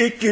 iki